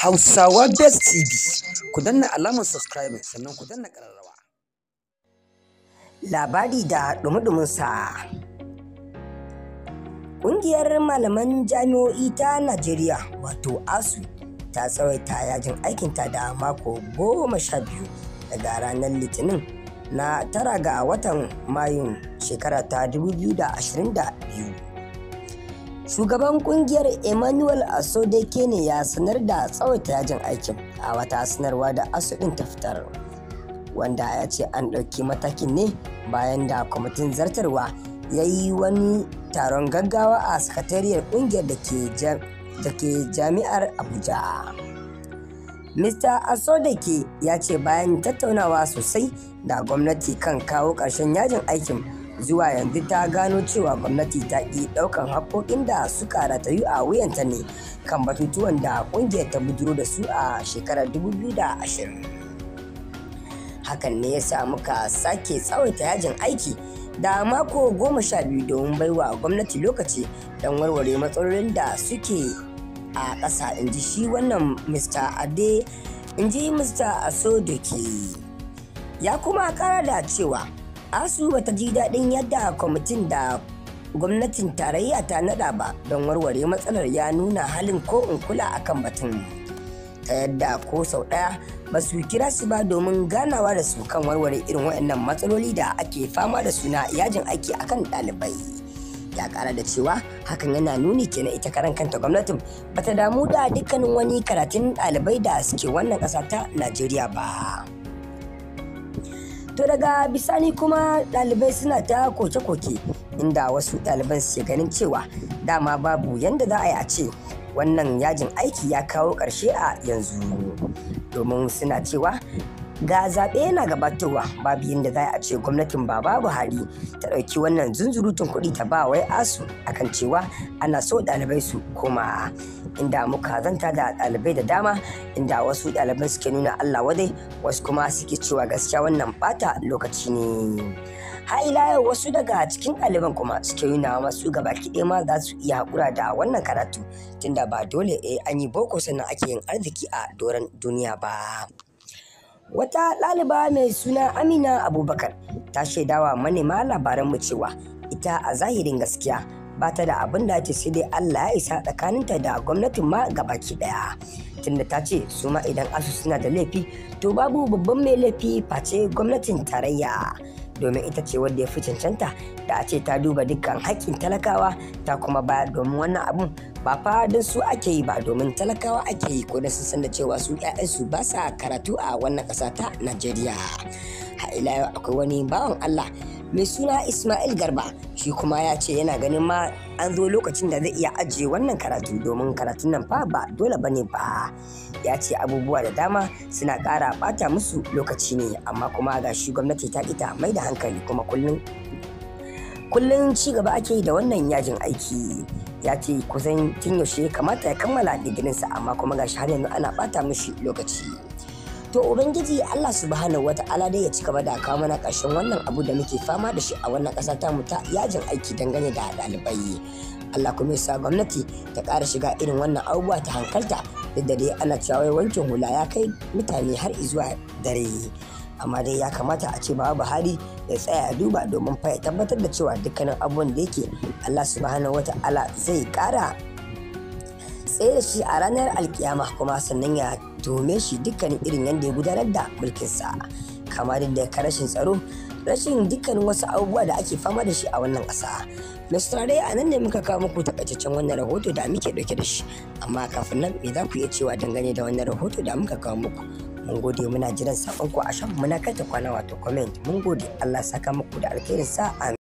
Hausawa Best TV ku danna alamar subscribe sannan ku danna ƙararrawa. Labari da ɗumi sa. Ƙungiyar malaman jami'o'i ta Najeriya wato ASU ta tsawaita yajin aikinta da mako goma sha biyu daga ranar Litinin na tara ga watan Mayun shekara ta 2022. shugaban kungiyar emmanuel asodeke ne ya sanar da tsawaita yajin aikin a wata sanarwa da asudin ta fitar wanda ya ce an ɗauki matakin ne bayan da kwamitin zartarwa ya yi wani taron gaggawa a sakatariyar kungiyar da ke jami'ar abuja mr asodeke ya ce bayan tattaunawa sosai da gwamnati kan kawo ƙarshen yajin aikin zuwa yanzu ta gano cewa gwamnati ta ƙi ɗaukan haƙoƙin da suka ratayu a wuyanta ne kan batutuwan da ƙungiyar ta buduro da su a shekarar 2020 hakan ne ya sa muka sake tsawaita yajin aiki da mako goma sha biyu domin baiwa gwamnati lokaci don warware matsalolin da suke a ƙasa in ji shi wannan mr ade in ji mr aso da ke ya kuma kara da cewa asu bata ji daɗin yadda kwamitin da gwamnatin tarayya ta naɗa ba don warware matsalar ya nuna halin ko in kula akan batun ta yadda ko sau ɗaya ba su kira su ba domin ganawa da su kan warware irin waɗannan matsaloli da ake fama da suna yajin aiki a kan ɗalibai ya kara da cewa hakan yana nuni kenan ita karan kanta gwamnatin bata damu da dukkanin wani karatun ɗalibai da suke wannan ƙasa ta najeriya ba. to daga bisani kuma ɗalibai suna ta koke-koke inda wasu ɗaliban suke ganin cewa dama babu yadda za a yi a ce wannan yajin aiki ya kawo ƙarshe a yanzu domin suna cewa ga zaɓe yana gabatowa babu yadda za a ce gwamnatin baba buhari ta ɗauki wannan zunzurutun kuɗi ta ba wai asu akan cewa ana so ɗalibai su koma inda muka zanta da ɗalibai da dama inda wasu ɗalibai suke nuna allah wadai wasu kuma suke cewa gaskiya wannan bata lokaci ne har ila yau wasu daga cikin ɗaliban kuma suke nuna masu gaba ɗaya ma za su iya haƙura da wannan karatu tunda ba dole eh an yi boko sannan ake yin arziki a doron duniya ba. Wata ɗaliba mai suna Amina Abubakar ta shaidawa manema labaranmu cewa ita a zahirin gaskiya ba ta da abin da ce sai dai Allah ya isa tsakaninta da gwamnatin ma ga baki ɗaya, Tunda ta ce su ma idan asu suna da laifi to babu babban mai laifi face gwamnatin tarayya. domin ita ce wadda ya fi cancanta da a ce ta duba dukkan haƙƙin talakawa ta kuma ba domin wannan abun ba fa don su ake yi ba domin talakawa ake yi ko da sun da cewa su 'ya'yansu ba sa karatu a wannan ƙasa ta najeriya ila yau akwai wani bawan allah mai suna Ismail Garba shi kuma ya ce yana ganin ma an zo lokacin da zai iya ajiye wannan karatu domin karatun nan fa ba dole ba ne ba ya ce abubuwa da dama suna ƙara bata musu lokaci ne amma kuma ga shi gwamnati ta ita mai da hankali kuma kullum kullum ci gaba ake da wannan yajin aiki ya ce kusan tun yaushe kamata ya kammala digirinsa amma kuma gashi har yanzu ana ɓata mishi lokaci. to ubangiji Allah subhanahu wata'ala dai ya ci gaba da kawo mana ƙarshen wannan abu da muke fama da shi a wannan ƙasa ta mu ta yajin aiki dangane da ɗalibai Allah kuma sa gwamnati ta ƙara shiga irin wannan abubuwa ta hankalta duk da dai ana cewa wankin hula ya kai mutane har zuwa dare amma dai ya kamata a ce Baba Buhari ya tsaya a duba domin fa ya tabbatar da cewa dukkanin abubuwan da yake Allah subhanahu wata'ala zai ƙara tsaye da shi a ranar alkiyama kuma sannan ya tuhume shi dukkanin irin yadda ya gudanar da mulkinsa kamar da ka rashin tsaro rashin dukkanin wasu abubuwa da ake fama da shi a wannan ƙasa mai a nan ne muka kawo muku takaitaccen wannan rahoto da muke ɗauke da shi amma kafin nan me za ku iya cewa dangane da wannan rahoto da muka kawo muku mun gode muna jiran ku a shan muna kai ta kwana wato comment mun gode allah saka muku da alkhairin sa